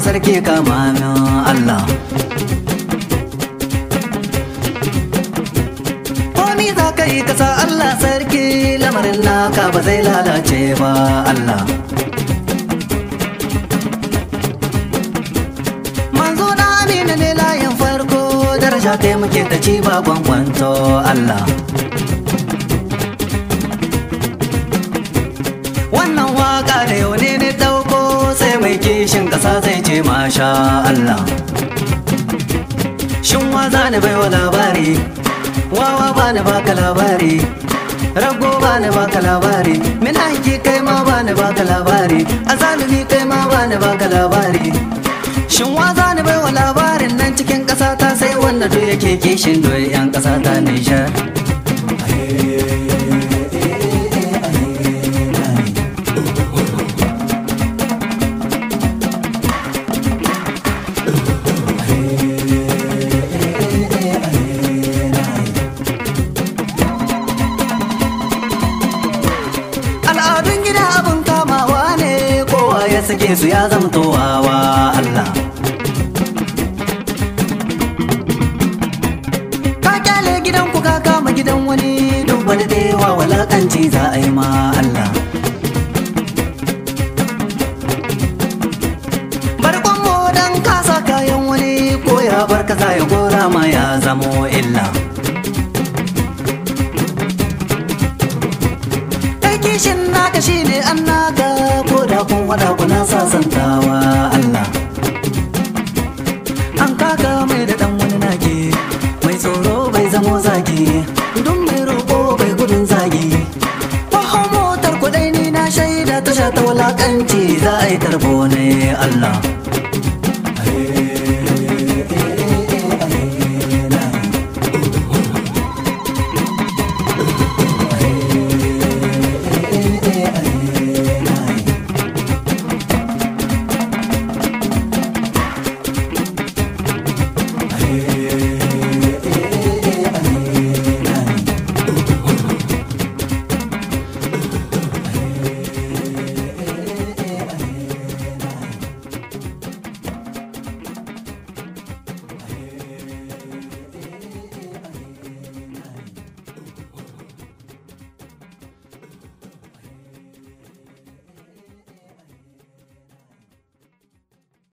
sarki kama Allah komi za ka yi kasa Allah sarki lamarin naka ba zai lalace ba Allah manzo na amina ne layin farko daraja ta muke ta ci ba kwankwanto Allah wannan waka da yau Shin ƙasa zai ce masha Allah shin wa za ni baiwa labari wawa ba ni baka labari rago ba ni baka labari mina haki kai ma ba ni baka labari azalumi kai ma ba ni baka labari shin wa za ni baiwa labarin nan cikin ƙasa ta sai wannan to yake kishin doyi 'yan ƙasa ta nishar al'adun gida abin kamawa ne kowa ya sake su ya zama wa Allah ka kyale gidan ku ka kama gidan wani duk wani da yawa walakanci za a yi ma Allah barkon mu kasa kayan wani ko ya bar kaza ya gora ma ya zamo illa shi ne an naka ko da kun wada kuna sasantawa Allah an kaka mai da dan wani nake mai tsoro bai zamo zagi dun mai roƙo bai gudun zagi kwaho motar kudai ni na shaida tasha ta wulakanci za a yi tarbo ne Allah